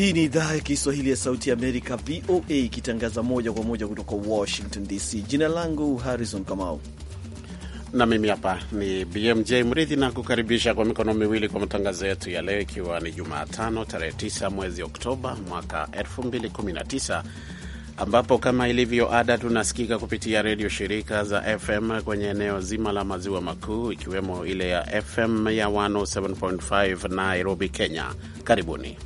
Hii ni idhaa ya Kiswahili ya Sauti ya Amerika, VOA, ikitangaza moja kwa moja kutoka Washington DC. Jina langu Harrison Kamau na mimi hapa ni BMJ Mridhi na kukaribisha kwa mikono miwili kwa matangazo yetu ya leo, ikiwa ni Jumatano tarehe 9 mwezi Oktoba mwaka 2019 ambapo kama ilivyo ada tunasikika kupitia redio shirika za FM kwenye eneo zima la maziwa makuu ikiwemo ile ya FM ya 107.5 Nairobi, Kenya. Karibuni.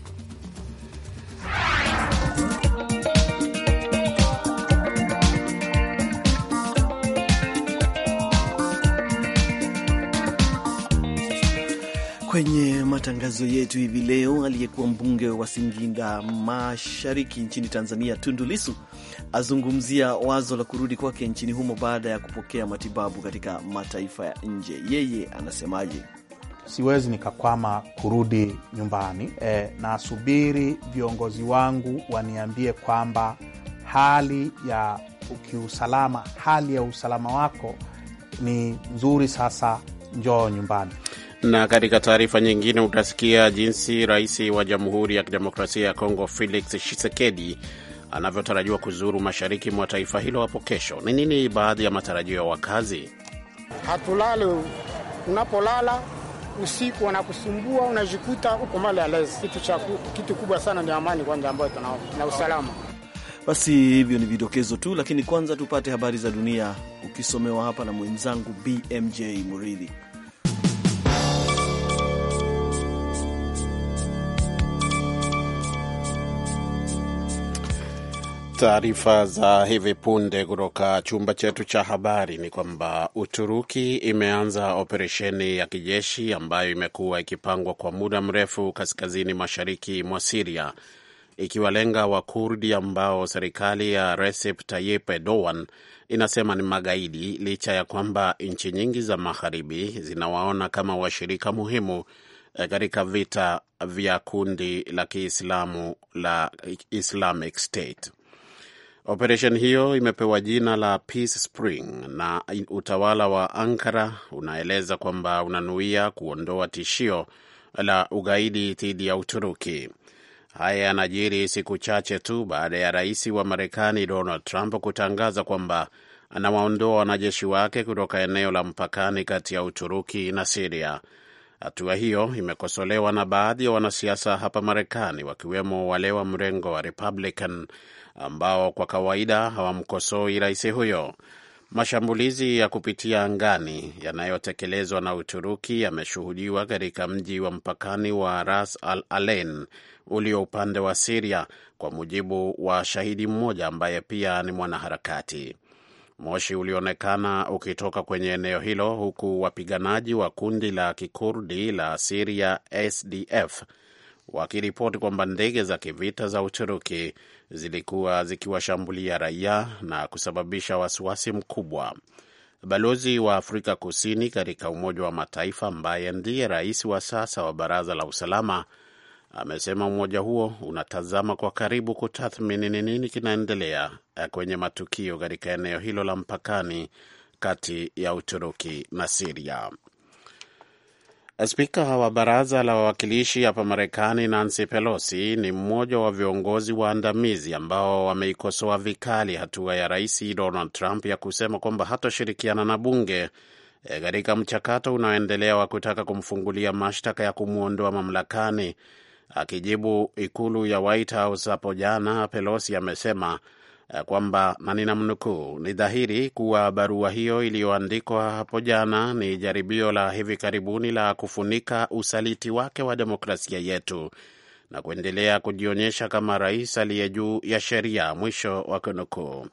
Kwenye matangazo yetu hivi leo, aliyekuwa mbunge wa singinda Mashariki nchini Tanzania, Tundu azungumzia wazo la kurudi kwake nchini humo baada ya kupokea matibabu katika mataifa ya nje. Yeye anasemaje? Siwezi nikakwama kurudi nyumbani e, nasubiri viongozi wangu waniambie kwamba hali ya ukiusalama, hali ya usalama wako ni nzuri, sasa njoo nyumbani. Na katika taarifa nyingine utasikia jinsi rais wa Jamhuri ya Kidemokrasia ya Kongo Felix Tshisekedi anavyotarajiwa kuzuru mashariki mwa taifa hilo hapo kesho. Ni nini baadhi ya matarajio ya wakazi? Hatulale, unapolala usiku wanakusumbua, unajikuta huko alezi. Kitu cha kitu kubwa sana ni amani kwanza, ambayo tunaomba na usalama. Basi hivyo ni vidokezo tu, lakini kwanza tupate habari za dunia ukisomewa hapa na mwenzangu BMJ Muridhi. Taarifa za hivi punde kutoka chumba chetu cha habari ni kwamba Uturuki imeanza operesheni ya kijeshi ambayo imekuwa ikipangwa kwa muda mrefu kaskazini mashariki mwa Siria, ikiwalenga Wakurdi ambao serikali ya Recep Tayyip Erdogan inasema ni magaidi, licha ya kwamba nchi nyingi za magharibi zinawaona kama washirika muhimu eh, katika vita vya kundi la Kiislamu la Islamic State. Operesheni hiyo imepewa jina la Peace Spring na utawala wa Ankara unaeleza kwamba unanuia kuondoa tishio la ugaidi dhidi ya Uturuki. Haya yanajiri siku chache tu baada ya rais wa Marekani Donald Trump kutangaza kwamba anawaondoa wanajeshi wake kutoka eneo la mpakani kati ya Uturuki na Siria. Hatua hiyo imekosolewa na baadhi ya wanasiasa hapa Marekani, wakiwemo wale wa mrengo wa Republican ambao kwa kawaida hawamkosoi rais huyo. Mashambulizi ya kupitia angani yanayotekelezwa na Uturuki yameshuhudiwa katika mji wa mpakani wa Ras Al Alain ulio upande wa Siria, kwa mujibu wa shahidi mmoja ambaye pia ni mwanaharakati. Moshi ulionekana ukitoka kwenye eneo hilo huku wapiganaji wa kundi la kikurdi la Siria SDF wakiripoti kwamba ndege za kivita za Uturuki zilikuwa zikiwashambulia raia na kusababisha wasiwasi mkubwa. Balozi wa Afrika Kusini katika Umoja wa Mataifa ambaye ndiye rais wa sasa wa Baraza la Usalama amesema umoja huo unatazama kwa karibu kutathmini ni nini kinaendelea kwenye matukio katika eneo hilo la mpakani kati ya Uturuki na Siria. Spika wa baraza la wawakilishi hapa Marekani, Nancy Pelosi, ni mmoja wa viongozi waandamizi ambao wameikosoa vikali hatua ya Rais Donald Trump ya kusema kwamba hatoshirikiana na bunge eh, katika mchakato unaoendelea wa kutaka kumfungulia mashtaka ya kumwondoa mamlakani Akijibu ikulu ya White House hapo jana, Pelosi amesema eh, kwamba na ninamnukuu, ni dhahiri kuwa barua hiyo iliyoandikwa hapo jana ni jaribio la hivi karibuni la kufunika usaliti wake wa demokrasia yetu na kuendelea kujionyesha kama rais aliye juu ya sheria, mwisho wa kunukuu.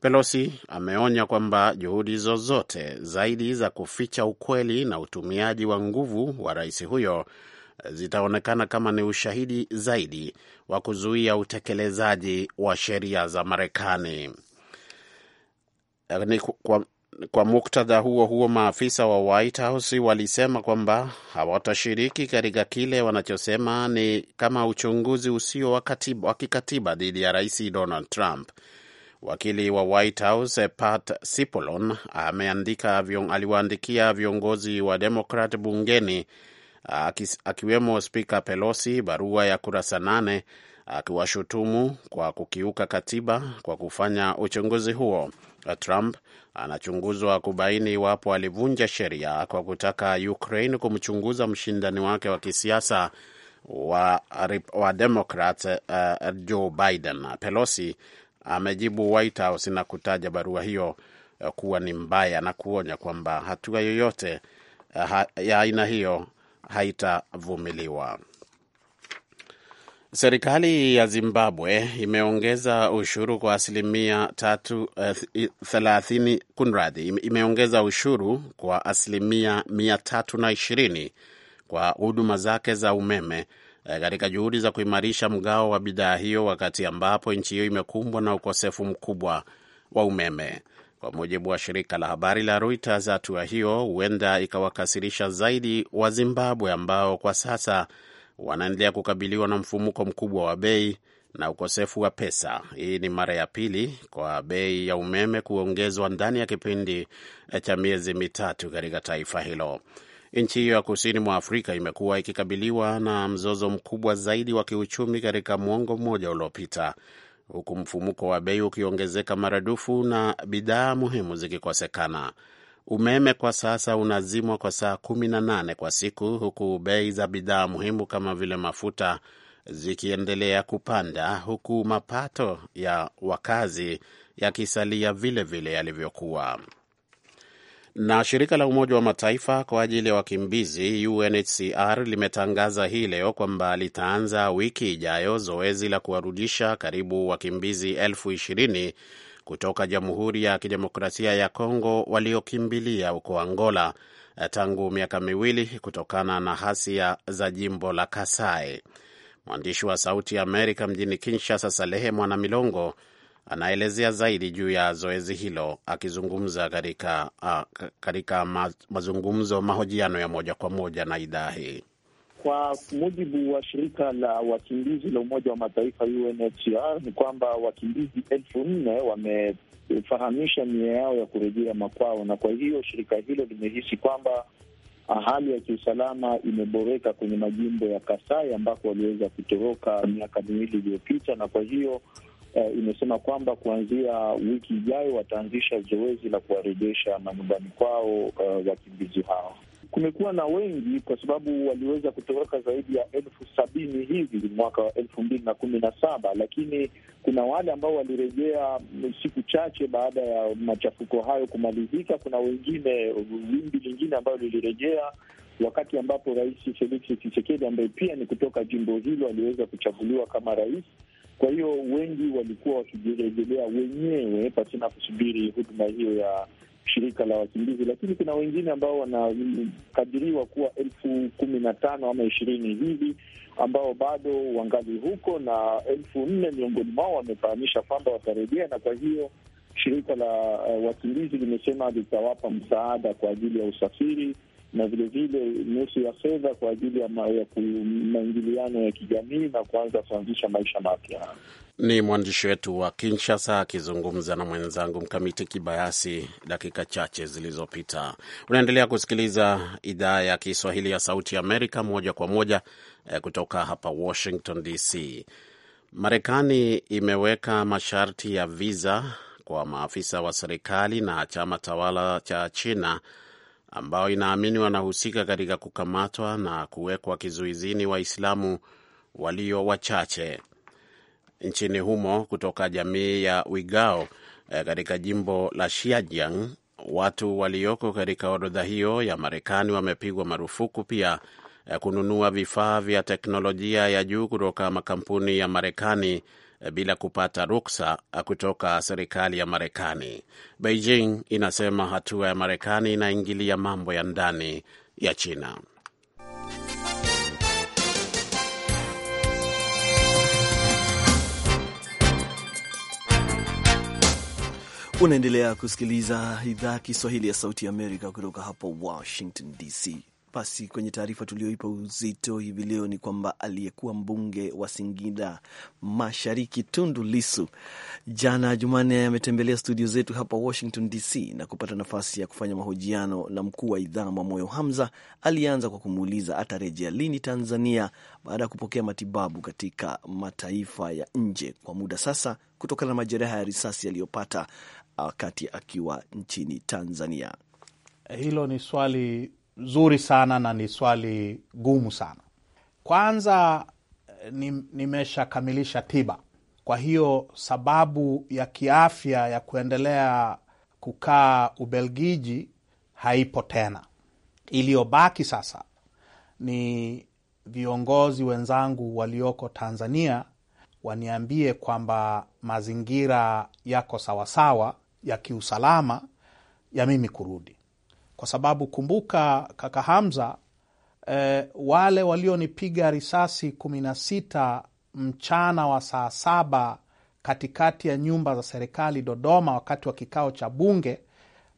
Pelosi ameonya kwamba juhudi zozote zaidi za kuficha ukweli na utumiaji wa nguvu wa rais huyo zitaonekana kama ni ushahidi zaidi wa kuzuia utekelezaji wa sheria za Marekani. Kwa, kwa muktadha huo huo, maafisa wa White House walisema kwamba hawatashiriki katika kile wanachosema ni kama uchunguzi usio wa kikatiba dhidi ya Rais Donald Trump. Wakili wa White House Pat Cipollone aliwaandikia viongozi wa Demokrat bungeni akiwemo Spika Pelosi barua ya kurasa nane akiwashutumu kwa kukiuka katiba kwa kufanya uchunguzi huo. Trump anachunguzwa kubaini iwapo alivunja sheria kwa kutaka Ukraine kumchunguza mshindani wake wa kisiasa wa, wa Demokrat uh, Joe Biden. Pelosi amejibu White House na kutaja barua hiyo uh, kuwa ni mbaya na kuonya kwamba hatua yoyote uh, ya aina hiyo haitavumiliwa. Serikali ya Zimbabwe imeongeza ushuru kwa asilimia tatu, uh, kunradhi, imeongeza ushuru kwa asilimia mia tatu na ishirini kwa huduma zake za umeme eh, katika juhudi za kuimarisha mgao wa bidhaa hiyo, wakati ambapo nchi hiyo imekumbwa na ukosefu mkubwa wa umeme. Kwa mujibu wa shirika la habari la Reuters, hatua hiyo huenda ikawakasirisha zaidi wa zimbabwe ambao kwa sasa wanaendelea kukabiliwa na mfumuko mkubwa wa bei na ukosefu wa pesa. Hii ni mara ya pili kwa bei ya umeme kuongezwa ndani ya kipindi cha miezi mitatu katika taifa hilo. Nchi hiyo ya kusini mwa Afrika imekuwa ikikabiliwa na mzozo mkubwa zaidi wa kiuchumi katika mwongo mmoja uliopita, huku mfumuko wa bei ukiongezeka maradufu na bidhaa muhimu zikikosekana. Umeme kwa sasa unazimwa kwa saa kumi na nane kwa siku, huku bei za bidhaa muhimu kama vile mafuta zikiendelea kupanda, huku mapato ya wakazi yakisalia vilevile vile vile yalivyokuwa. Na shirika la Umoja wa Mataifa kwa ajili ya wakimbizi UNHCR limetangaza hii leo kwamba litaanza wiki ijayo zoezi la kuwarudisha karibu wakimbizi elfu ishirini kutoka Jamhuri ya Kidemokrasia ya Kongo waliokimbilia huko Angola eh, tangu miaka miwili kutokana na hasia za jimbo la Kasai. Mwandishi wa Sauti ya Amerika mjini Kinshasa, Salehe Mwana Milongo anaelezea zaidi juu ya zoezi hilo akizungumza katika uh, katika mazungumzo mahojiano ya moja kwa moja na idhaa hii. Kwa mujibu wa shirika la wakimbizi la Umoja wa Mataifa UNHCR ni kwamba wakimbizi elfu nne wamefahamisha nia yao ya kurejea makwao, na kwa hiyo shirika hilo limehisi kwamba hali ya kiusalama imeboreka kwenye majimbo ya Kasai ambako waliweza kutoroka miaka miwili iliyopita, na kwa hiyo uh, imesema kwamba kuanzia wiki ijayo wataanzisha zoezi la kuwarejesha manyumbani kwao uh, wakimbizi hao. Kumekuwa na wengi kwa sababu waliweza kutoroka zaidi ya elfu sabini hivi mwaka wa elfu mbili na kumi na saba, lakini kuna wale ambao walirejea siku chache baada ya machafuko hayo kumalizika. Kuna wengine, wimbi lingine ambayo lilirejea wakati ambapo Rais Felix Tshisekedi ambaye pia ni kutoka jimbo hilo aliweza kuchaguliwa kama rais kwa hiyo wengi walikuwa wakijirejelea wenyewe pasina kusubiri huduma hiyo ya shirika la wakimbizi, lakini kuna wengine ambao wanakadiriwa kuwa elfu kumi na tano ama ishirini hivi ambao bado wangali huko na elfu nne miongoni mwao wamefahamisha kwamba watarejea, na kwa hiyo shirika la uh, wakimbizi limesema litawapa msaada kwa ajili ya usafiri na vile nusu ya fedha kwa ajili ya maingiliano ya kijamii na kuanza kuanzisha maisha mapya. Ni mwandishi wetu wa Kinshasa akizungumza na mwenzangu Mkamiti Kibayasi dakika chache zilizopita. Unaendelea kusikiliza idhaa ya Kiswahili ya Sauti Amerika moja kwa moja eh, kutoka hapa Washington DC. Marekani imeweka masharti ya viza kwa maafisa wa serikali na chama tawala cha China ambao inaamini wanahusika katika kukamatwa na kuwekwa kizuizini Waislamu walio wachache nchini humo kutoka jamii ya Wigao eh, katika jimbo la Xinjiang. Watu walioko katika orodha hiyo ya Marekani wamepigwa marufuku pia eh, kununua vifaa vya teknolojia ya juu kutoka makampuni ya Marekani bila kupata ruksa kutoka serikali ya Marekani. Beijing inasema hatua ya Marekani inaingilia mambo ya ndani ya China. Unaendelea kusikiliza idhaa ya Kiswahili ya Sauti ya Amerika kutoka hapa Washington DC. Basi kwenye taarifa tulioipa uzito hivi leo ni kwamba aliyekuwa mbunge wa Singida Mashariki Tundu Lisu jana Jumanne ametembelea studio zetu hapa Washington DC na kupata nafasi ya kufanya mahojiano na mkuu wa idhaa Mwamoyo Hamza. Alianza kwa kumuuliza atarejea lini Tanzania baada ya kupokea matibabu katika mataifa ya nje kwa muda sasa kutokana na majeraha ya risasi yaliyopata wakati akiwa nchini Tanzania. Hilo ni swali nzuri sana na ni swali gumu sana. Kwanza nimeshakamilisha tiba, kwa hiyo sababu ya kiafya ya kuendelea kukaa Ubelgiji haipo tena. Iliyobaki sasa ni viongozi wenzangu walioko Tanzania waniambie kwamba mazingira yako sawasawa ya kiusalama ya mimi kurudi kwa sababu kumbuka, kaka Hamza, e, wale walionipiga risasi kumi na sita mchana wa saa saba katikati ya nyumba za serikali Dodoma, wakati wa kikao cha bunge,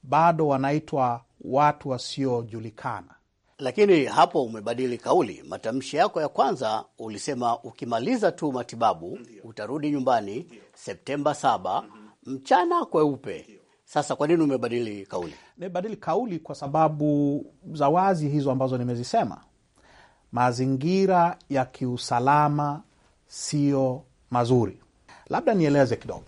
bado wanaitwa watu wasiojulikana. Lakini hapo umebadili kauli. Matamshi yako ya kwanza ulisema ukimaliza tu matibabu utarudi nyumbani Septemba saba mchana kweupe. Sasa kwa nini umebadili kauli? Nimebadili kauli kwa sababu za wazi hizo ambazo nimezisema. Mazingira ya kiusalama siyo mazuri. Labda nieleze kidogo.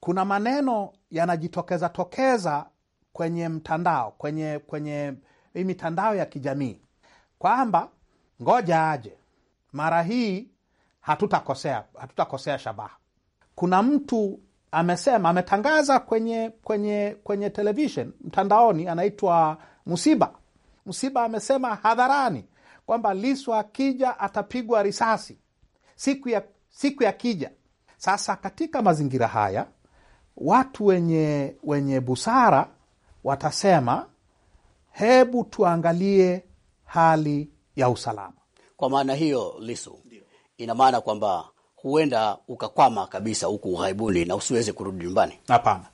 Kuna maneno yanajitokeza tokeza kwenye mtandao, kwenye kwenye mitandao ya kijamii kwamba ngoja aje, mara hii hatutakosea, hatutakosea shabaha. Kuna mtu amesema, ametangaza kwenye kwenye kwenye televishen mtandaoni, anaitwa Musiba. Musiba amesema hadharani kwamba Liswa akija atapigwa risasi siku ya siku ya kija. Sasa katika mazingira haya watu wenye, wenye busara watasema hebu tuangalie hali ya usalama. Kwa maana hiyo lisu ina maana kwamba huenda ukakwama kabisa huku ughaibuni na usiweze kurudi nyumbani? Hapana,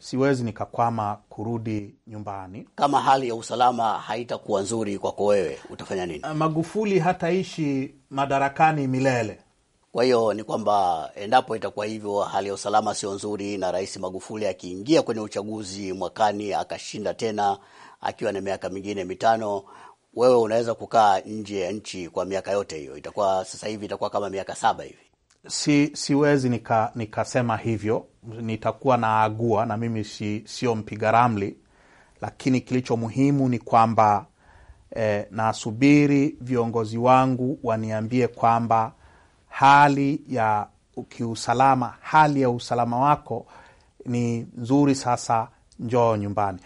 siwezi nikakwama kurudi nyumbani. Kama hali ya usalama haitakuwa nzuri kwako wewe, utafanya nini? Eh, Magufuli hataishi madarakani milele. Kwa hiyo ni kwamba endapo itakuwa hivyo, hali ya usalama sio nzuri, na Rais Magufuli akiingia kwenye uchaguzi mwakani akashinda tena akiwa na miaka mingine mitano, wewe unaweza kukaa nje ya nchi kwa miaka yote hiyo. Itakuwa sasa hivi itakuwa kama miaka saba hivi si, siwezi nika, nikasema hivyo, nitakuwa naagua na mimi si, sio mpiga ramli, lakini kilicho muhimu ni kwamba eh, nasubiri viongozi wangu waniambie kwamba hali ya kiusalama, hali ya usalama wako ni nzuri, sasa njoo nyumbani.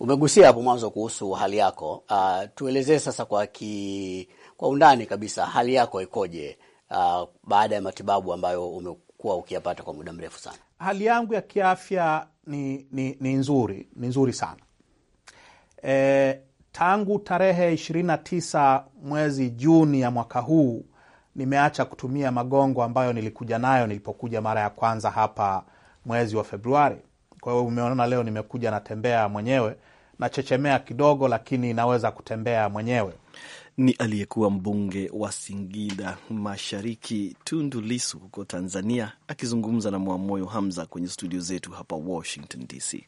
Umegusia hapo mwanzo kuhusu hali yako. Uh, tuelezee sasa kwa, ki, kwa undani kabisa hali yako ikoje? uh, baada ya matibabu ambayo umekuwa ukiyapata kwa muda mrefu sana? Hali yangu ya kiafya ni, ni, ni nzuri ni nzuri sana e, tangu tarehe 29 mwezi Juni ya mwaka huu nimeacha kutumia magongo ambayo nilikuja nayo nilipokuja mara ya kwanza hapa mwezi wa Februari. Kwa hiyo umeona leo nimekuja natembea mwenyewe, nachechemea kidogo, lakini naweza kutembea mwenyewe ni aliyekuwa mbunge wa Singida Mashariki Tundu Lisu huko Tanzania, akizungumza na Mwamoyo Hamza kwenye studio zetu hapa Washington DC.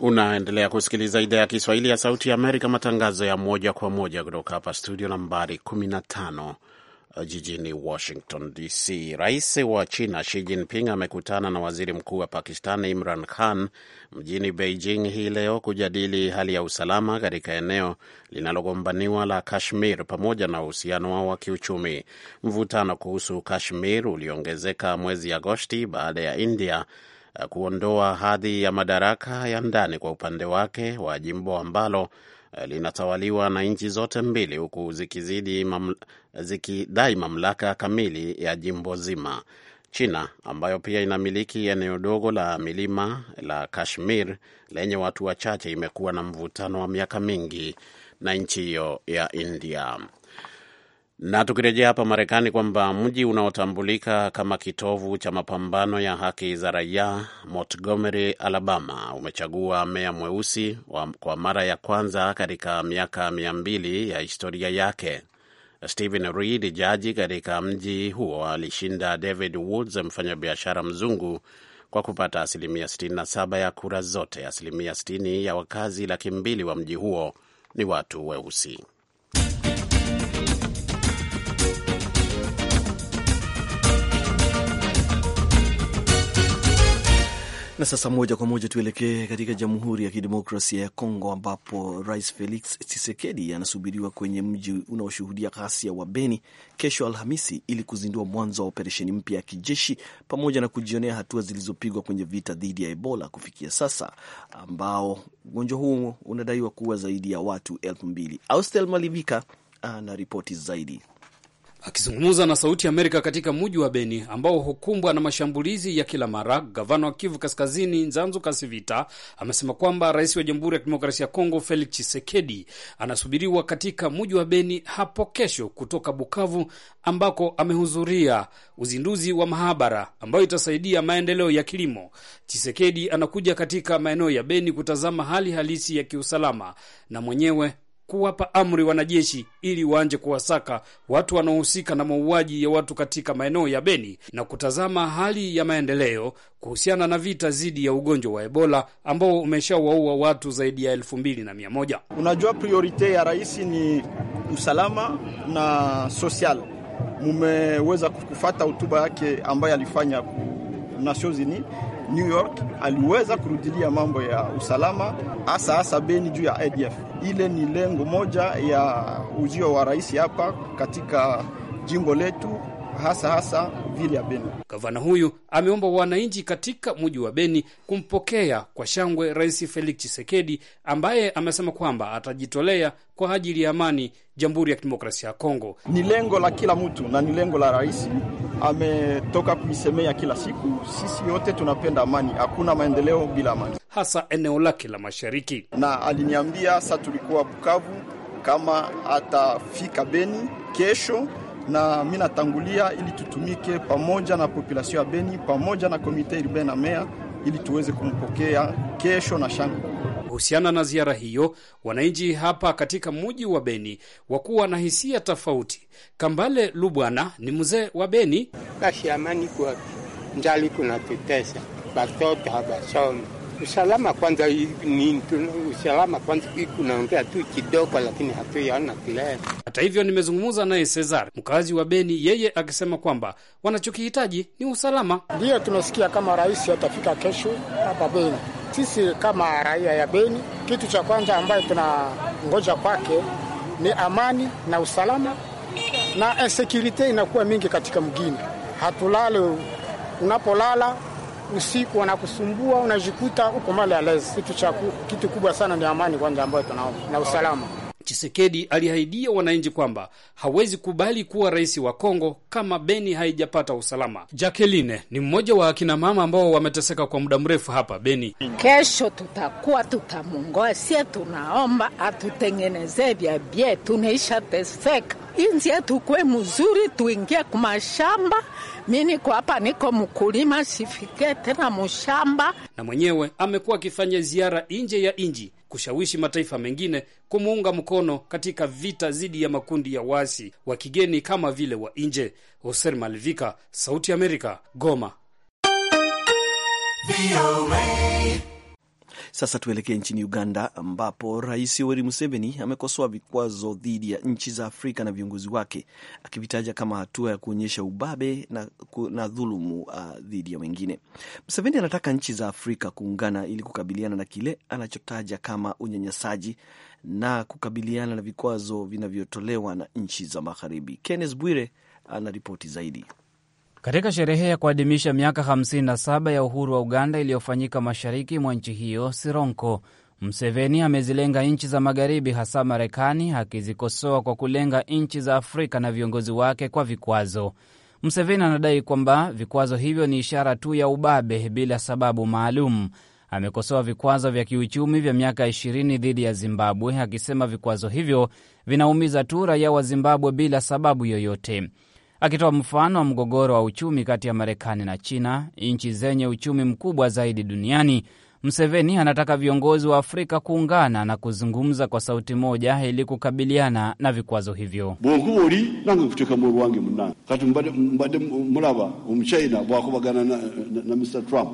Unaendelea kusikiliza idhaa ya Kiswahili ya Sauti ya Amerika, matangazo ya moja kwa moja kutoka hapa studio nambari 15 jijini Washington DC. Rais wa China Xi Jinping amekutana na waziri mkuu wa Pakistan Imran Khan mjini Beijing hii leo kujadili hali ya usalama katika eneo linalogombaniwa la Kashmir pamoja na uhusiano wao wa kiuchumi. Mvutano kuhusu Kashmir uliongezeka mwezi Agosti baada ya India eh, kuondoa hadhi ya madaraka ya ndani kwa upande wake wa jimbo ambalo linatawaliwa na nchi zote mbili huku zikizidi mamla, zikidai mamlaka kamili ya jimbo zima. China ambayo pia inamiliki eneo dogo la milima la Kashmir lenye watu wachache imekuwa na mvutano wa miaka mingi na nchi hiyo ya India. Na tukirejea hapa Marekani, kwamba mji unaotambulika kama kitovu cha mapambano ya haki za raia Montgomery, Alabama, umechagua meya mweusi kwa mara ya kwanza katika miaka mia mbili ya historia yake. Stephen Reed, jaji katika mji huo, alishinda David Woods, mfanyabiashara mzungu kwa kupata asilimia 67 ya kura zote. Asilimia 60 ya wakazi laki mbili wa mji huo ni watu weusi. Na sasa moja kwa moja tuelekee katika Jamhuri ya Kidemokrasia ya Kongo ambapo Rais Felix Tshisekedi anasubiriwa kwenye mji unaoshuhudia ghasia wa Beni kesho Alhamisi ili kuzindua mwanzo wa operesheni mpya ya kijeshi pamoja na kujionea hatua zilizopigwa kwenye vita dhidi ya Ebola kufikia sasa, ambao ugonjwa huu unadaiwa kuwa zaidi ya watu elfu mbili. Austel Malivika ana ripoti zaidi. Akizungumza na Sauti ya Amerika katika muji wa Beni ambao hukumbwa na mashambulizi ya kila mara, gavana wa Kivu Kaskazini Nzanzu Kasivita amesema kwamba rais wa Jamhuri ya Kidemokrasia ya Kongo Felix Tshisekedi anasubiriwa katika muji wa Beni hapo kesho kutoka Bukavu, ambako amehudhuria uzinduzi wa mahabara ambayo itasaidia maendeleo ya kilimo. Tshisekedi anakuja katika maeneo ya Beni kutazama hali halisi ya kiusalama na mwenyewe kuwapa amri wanajeshi ili waanje kuwasaka watu wanaohusika na mauaji ya watu katika maeneo ya Beni na kutazama hali ya maendeleo kuhusiana na vita dhidi ya ugonjwa wa Ebola ambao umeshawaua watu zaidi ya elfu mbili na mia moja. Unajua, priorite ya rais ni usalama na sosial Mumeweza kufata hotuba yake ambayo alifanya Nations Unies New York aliweza kurudilia mambo ya usalama, hasa hasa beni juu ya ADF. Ile ni lengo moja ya ujio wa rais hapa katika jimbo letu hasa hasa vile ya Beni. Gavana huyu ameomba wananchi katika mji wa Beni kumpokea kwa shangwe Rais Felix Tshisekedi ambaye amesema kwamba atajitolea kwa ajili ya amani Jamhuri ya Kidemokrasia ya Kongo. Ni lengo la kila mtu na ni lengo la rais ametoka kuisemea kila siku, sisi yote tunapenda amani, hakuna maendeleo bila amani, hasa eneo lake la mashariki. Na aliniambia sa tulikuwa Bukavu kama atafika Beni kesho na mi natangulia ili tutumike pamoja na populasio ya Beni pamoja na komite urbain na mea ili tuweze kumpokea kesho na shangwe. Kuhusiana na ziara hiyo, wananchi hapa katika mji wa Beni wakuwa na hisia tofauti. Kambale Lubwana ni mzee wa Beni. Basi amani kwa njali kunatutesa, batoto hawasomi usalama kwanza, ni usalama kwanza. Kunaongea tu kidogo, lakini hatuyaona kile. Hata hivyo, nimezungumza naye Cesar, mkazi wa Beni, yeye akisema kwamba wanachokihitaji ni usalama. Ndiyo tunasikia kama rais atafika kesho hapa Beni sisi kama raia ya Beni, kitu cha kwanza ambayo tunangoja kwake ni amani na usalama, na insekurite inakuwa mingi katika mgini. Hatulale, unapolala usiku wanakusumbua, unajikuta uko mali alezi. Kitu cha kitu kubwa sana ni amani kwanza ambayo tunaomba na usalama. Chisekedi aliahidia wananchi kwamba hawezi kubali kuwa rais wa Kongo kama Beni haijapata usalama. Jacqueline ni mmoja wa akinamama ambao wameteseka kwa muda mrefu hapa Beni. Kesho tutakuwa tutamungoa, sie tunaomba atutengenezee vya tunaisha teseka inzi yetu kwe mzuri, tuingie kumashamba. Mi niko hapa, niko mkulima, sifike tena mushamba. Na mwenyewe amekuwa akifanya ziara nje ya nji kushawishi mataifa mengine kumuunga mkono katika vita dhidi ya makundi ya waasi wa kigeni kama vile wa nje. Hoser Malvika, Sauti america Amerika, Goma. Sasa tuelekee nchini Uganda ambapo Rais Yoweri Museveni amekosoa vikwazo dhidi ya nchi za Afrika na viongozi wake akivitaja kama hatua ya kuonyesha ubabe na, na dhulumu uh, dhidi ya wengine. Museveni anataka nchi za Afrika kuungana ili kukabiliana na kile anachotaja kama unyanyasaji na kukabiliana na vikwazo vinavyotolewa na nchi za Magharibi. Kenneth Bwire ana ripoti zaidi. Katika sherehe ya kuadhimisha miaka 57 ya uhuru wa Uganda iliyofanyika mashariki mwa nchi hiyo Sironko, Mseveni amezilenga nchi za magharibi, hasa Marekani, akizikosoa kwa kulenga nchi za Afrika na viongozi wake kwa vikwazo. Mseveni anadai kwamba vikwazo hivyo ni ishara tu ya ubabe bila sababu maalum. Amekosoa vikwazo vya kiuchumi vya miaka 20 dhidi ya Zimbabwe akisema vikwazo hivyo vinaumiza tu raia wa Zimbabwe bila sababu yoyote akitoa mfano wa mgogoro wa uchumi kati ya Marekani na China, nchi zenye uchumi mkubwa zaidi duniani. Mseveni anataka viongozi wa Afrika kuungana na kuzungumza kwa sauti moja ili kukabiliana na vikwazo hivyo. bongowoli nange kuteka moru wange mnana kati mbade mulaba umuchina bwakubagana na, na, na Mr Trump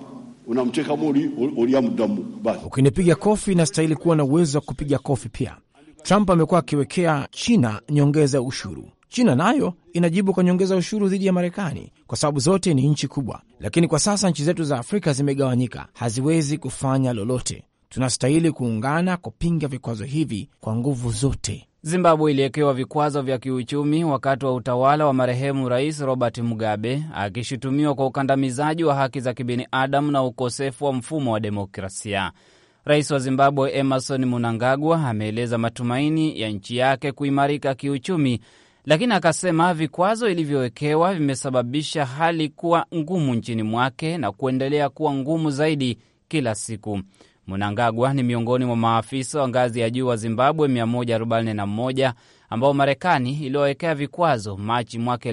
unamteka mori oliamudamu basi. Ukinipiga kofi inastahili kuwa na uwezo wa kupiga kofi pia. Trump amekuwa akiwekea China nyongeza ushuru China nayo inajibu kwa nyongeza ushuru dhidi ya Marekani kwa sababu zote ni nchi kubwa. Lakini kwa sasa nchi zetu za Afrika zimegawanyika, haziwezi kufanya lolote. Tunastahili kuungana kupinga vikwazo hivi kwa nguvu zote. Zimbabwe iliwekewa vikwazo vya kiuchumi wakati wa utawala wa marehemu Rais Robert Mugabe, akishutumiwa kwa ukandamizaji wa haki za kibinadamu na ukosefu wa mfumo wa demokrasia. Rais wa Zimbabwe Emerson Mnangagwa ameeleza matumaini ya nchi yake kuimarika kiuchumi lakini akasema vikwazo ilivyowekewa vimesababisha hali kuwa ngumu nchini mwake na kuendelea kuwa ngumu zaidi kila siku. Mnangagwa ni miongoni mwa maafisa wa ngazi ya juu wa Zimbabwe 141 ambao Marekani iliwawekea vikwazo Machi mwaka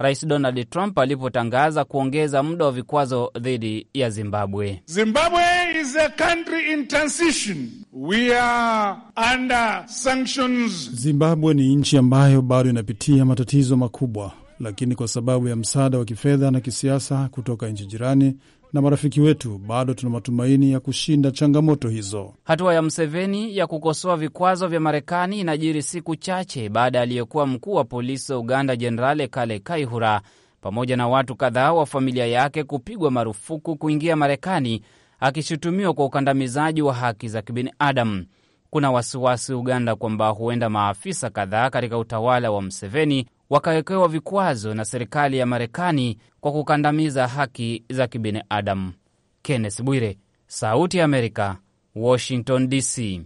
Rais Donald Trump alipotangaza kuongeza muda wa vikwazo dhidi ya Zimbabwe. Zimbabwe is a country in transition. We are under sanctions. Zimbabwe ni nchi ambayo bado inapitia matatizo makubwa, lakini kwa sababu ya msaada wa kifedha na kisiasa kutoka nchi jirani na marafiki wetu, bado tuna matumaini ya kushinda changamoto hizo. Hatua ya Mseveni ya kukosoa vikwazo vya Marekani inajiri siku chache baada ya aliyekuwa mkuu wa polisi wa Uganda Jenerali Kale Kaihura pamoja na watu kadhaa wa familia yake kupigwa marufuku kuingia Marekani, akishutumiwa kwa ukandamizaji wa haki za kibinadamu. Kuna wasiwasi Uganda kwamba huenda maafisa kadhaa katika utawala wa Mseveni wakawekewa vikwazo na serikali ya Marekani kwa kukandamiza haki za kibinadamu. Kenneth Bwire, Sauti ya Amerika, Washington DC.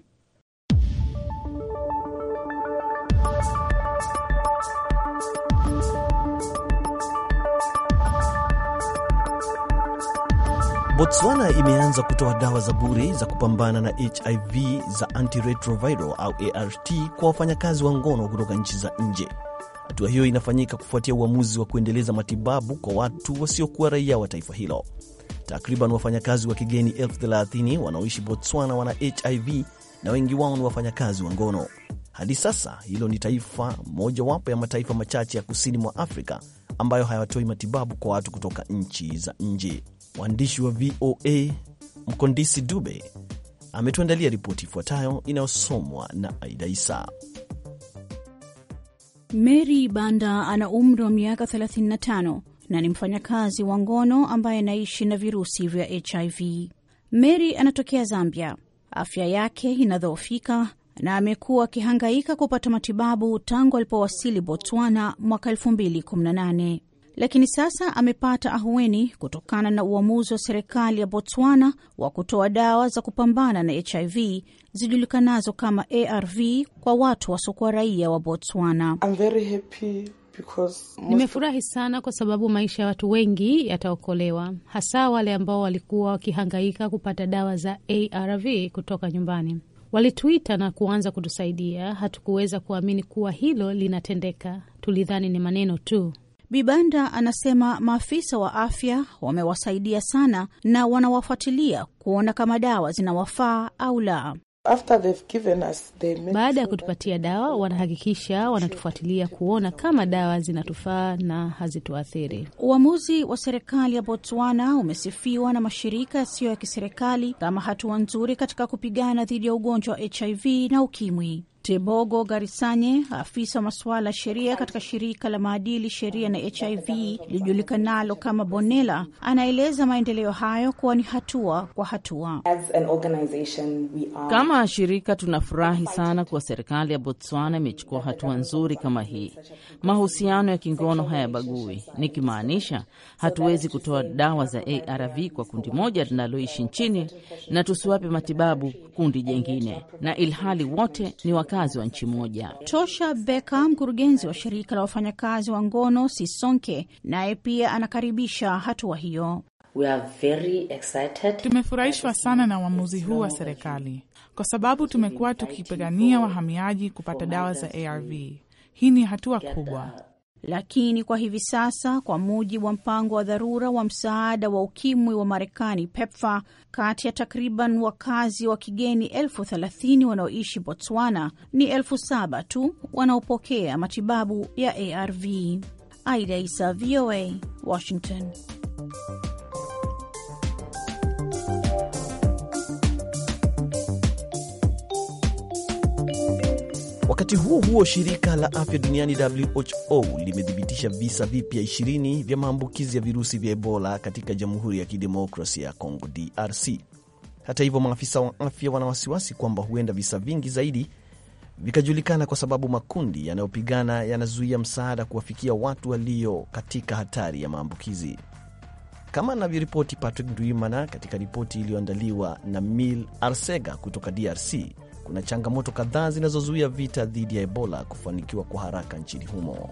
Botswana imeanza kutoa dawa za bure za kupambana na HIV za antiretroviral au ART kwa wafanyakazi wa ngono kutoka nchi za nje. Hatua hiyo inafanyika kufuatia uamuzi wa kuendeleza matibabu kwa watu wasiokuwa raia wa taifa hilo. Takriban wafanyakazi wa kigeni elfu thelathini wanaoishi Botswana wana HIV na wengi wao ni wafanyakazi wa ngono. Hadi sasa hilo ni taifa mojawapo ya mataifa machache ya kusini mwa Afrika ambayo hayatoi matibabu kwa watu kutoka nchi za nje. Mwandishi wa VOA Mkondisi Dube ametuandalia ripoti ifuatayo inayosomwa na Aida Isa. Mary Banda ana umri wa miaka 35 na ni mfanyakazi wa ngono ambaye anaishi na virusi vya HIV. Mary anatokea Zambia. Afya yake inadhoofika na amekuwa akihangaika kupata matibabu tangu alipowasili Botswana mwaka 2018 lakini sasa amepata ahueni kutokana na uamuzi wa serikali ya Botswana wa kutoa dawa za kupambana na HIV zijulikanazo kama ARV kwa watu wasiokuwa raia wa Botswana. nimefurahi sana kwa sababu maisha ya watu wengi yataokolewa, hasa wale ambao walikuwa wakihangaika kupata dawa za ARV kutoka nyumbani. Walituita na kuanza kutusaidia. Hatukuweza kuamini kuwa hilo linatendeka, tulidhani ni maneno tu. Bibanda anasema maafisa wa afya wamewasaidia sana na wanawafuatilia kuona kama dawa zinawafaa au la. Baada ya kutupatia dawa, wanahakikisha wanatufuatilia kuona kama dawa zinatufaa na hazituathiri. Uamuzi wa serikali ya Botswana umesifiwa na mashirika yasiyo ya kiserikali kama hatua nzuri katika kupigana dhidi ya ugonjwa wa HIV na UKIMWI. Tebogo Garisanye, afisa wa masuala ya sheria katika shirika la maadili, sheria na HIV lilijulikanalo kama Bonela, anaeleza maendeleo hayo kuwa ni hatua kwa hatua. Kama shirika tunafurahi sana kuwa serikali ya Botswana imechukua hatua nzuri kama hii. Mahusiano ya kingono hayabagui, nikimaanisha hatuwezi kutoa dawa za ARV kwa kundi moja linaloishi nchini na tusiwape matibabu kundi jengine, na ilhali wote ni waka wafanyakazi wa nchi moja. Tosha Beka, mkurugenzi wa shirika la wafanyakazi wa ngono Sisonke, naye pia anakaribisha hatua hiyo. Tumefurahishwa sana na uamuzi huu wa serikali kwa sababu tumekuwa tukipigania wahamiaji kupata dawa za ARV. Hii ni hatua kubwa lakini kwa hivi sasa, kwa mujibu wa mpango wa dharura wa msaada wa ukimwi wa Marekani, pepfa kati ya takriban wakazi wa kigeni elfu thelathini wanaoishi Botswana ni elfu saba tu wanaopokea matibabu ya ARV. Aida Isa, VOA, Washington. Wakati huo huo, shirika la afya duniani WHO limethibitisha visa vipya 20 vya maambukizi ya virusi vya Ebola katika Jamhuri ya Kidemokrasia ya Kongo, DRC. Hata hivyo, maafisa wa afya wana wasiwasi kwamba huenda visa vingi zaidi vikajulikana kwa sababu makundi yanayopigana yanazuia msaada kuwafikia watu walio katika hatari ya maambukizi, kama anavyoripoti Patrick Ndwimana katika ripoti iliyoandaliwa na Mil Arsega kutoka DRC kuna changamoto kadhaa zinazozuia vita dhidi ya Ebola kufanikiwa kwa haraka nchini humo.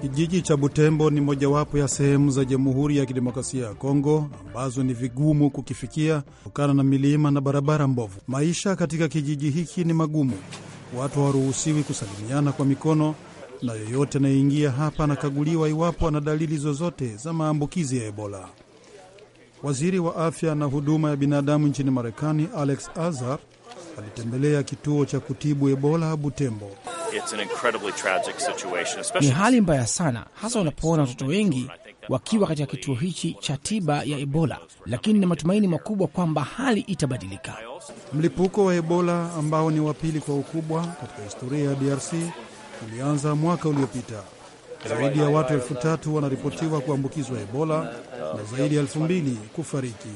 Kijiji cha Butembo ni mojawapo ya sehemu za Jamhuri ya Kidemokrasia ya Kongo ambazo ni vigumu kukifikia kutokana na milima na barabara mbovu. Maisha katika kijiji hiki ni magumu, watu hawaruhusiwi kusalimiana kwa mikono, na yoyote anayeingia hapa anakaguliwa iwapo ana dalili zozote za maambukizi ya Ebola. Waziri wa afya na huduma ya binadamu nchini Marekani Alex Azar alitembelea kituo cha kutibu Ebola Butembo. Ni hali mbaya sana, hasa unapoona watoto wengi wakiwa katika kituo hichi cha tiba ya Ebola, lakini na matumaini makubwa kwamba hali itabadilika. Mlipuko wa Ebola ambao ni wa pili kwa ukubwa katika historia ya DRC ulianza mwaka uliopita. Zaidi ya watu elfu tatu wanaripotiwa kuambukizwa Ebola na zaidi ya elfu mbili kufariki,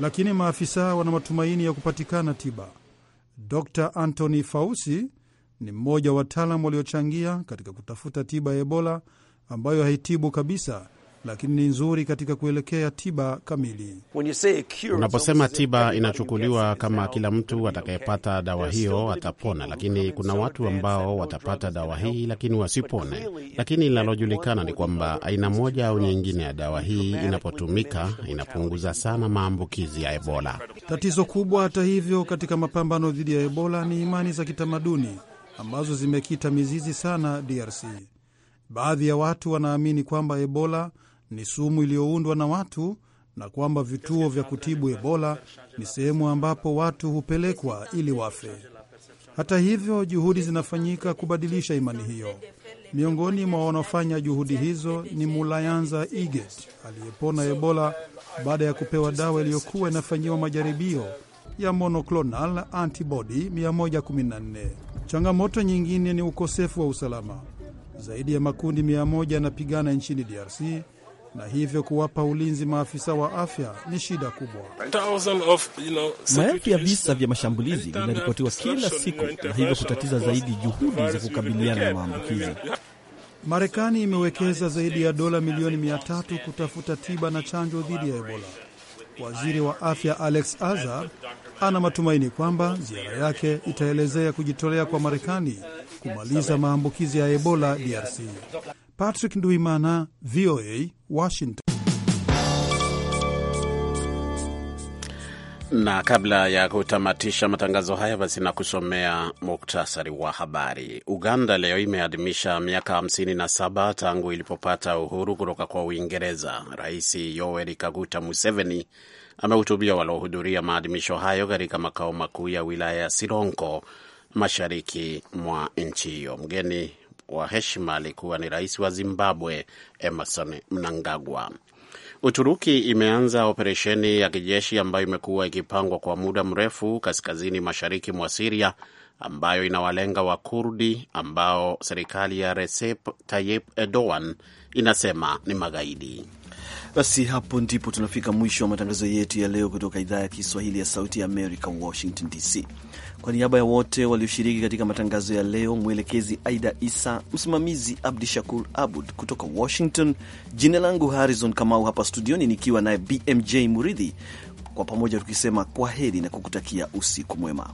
lakini maafisa wana matumaini ya kupatikana tiba. Dr Anthony Fauci ni mmoja wa wataalam waliochangia katika kutafuta tiba ya Ebola ambayo haitibu kabisa lakini ni nzuri katika kuelekea tiba kamili. Unaposema tiba, inachukuliwa kama kila mtu atakayepata dawa hiyo atapona, lakini kuna watu ambao watapata dawa hii lakini wasipone. Lakini linalojulikana ni kwamba aina moja au nyingine ya dawa hii inapotumika inapunguza sana maambukizi ya Ebola. Tatizo kubwa, hata hivyo, katika mapambano dhidi ya Ebola ni imani za kitamaduni ambazo zimekita mizizi sana DRC. Baadhi ya watu wanaamini kwamba Ebola ni sumu iliyoundwa na watu na kwamba vituo vya kutibu Ebola ni sehemu ambapo watu hupelekwa ili wafe. Hata hivyo, juhudi zinafanyika kubadilisha imani hiyo. Miongoni mwa wanaofanya juhudi hizo ni Mulayanza Iget aliyepona Ebola baada ya kupewa dawa iliyokuwa inafanyiwa majaribio ya monoclonal antibody 114. Changamoto nyingine ni ukosefu wa usalama. Zaidi ya makundi 100 yanapigana nchini DRC na hivyo kuwapa ulinzi maafisa wa afya ni shida kubwa. Maelfu ya visa vya mashambulizi vinaripotiwa kila siku, na hivyo kutatiza zaidi juhudi za kukabiliana na maambukizi. Marekani imewekeza zaidi ya dola milioni mia tatu kutafuta tiba na chanjo dhidi ya Ebola. Waziri wa afya Alex Azar ana matumaini kwamba ziara yake itaelezea kujitolea kwa Marekani kumaliza maambukizi ya Ebola DRC. Patrick Nduimana, VOA, Washington. Na kabla ya kutamatisha matangazo haya, basi na kusomea muktasari wa habari. Uganda leo imeadhimisha miaka 57 tangu ilipopata uhuru kutoka kwa Uingereza. Rais Yoweri Kaguta Museveni amehutubia waliohudhuria maadhimisho hayo katika makao makuu ya wilaya ya Sironko mashariki mwa nchi hiyo. Mgeni wa heshima alikuwa ni rais wa Zimbabwe Emerson Mnangagwa. Uturuki imeanza operesheni ya kijeshi ambayo imekuwa ikipangwa kwa muda mrefu kaskazini mashariki mwa Siria ambayo inawalenga Wakurdi ambao serikali ya Recep Tayyip Erdogan inasema ni magaidi. Basi hapo ndipo tunafika mwisho wa matangazo yetu ya leo kutoka idhaa ya Kiswahili ya Sauti ya Amerika, Washington DC. Kwa niaba ya wote walioshiriki katika matangazo ya leo, mwelekezi Aida Isa, msimamizi Abdi Shakur Abud kutoka Washington, jina langu Harrison Kamau hapa studioni nikiwa naye BMJ Muridhi, kwa pamoja tukisema kwa heri na kukutakia usiku mwema.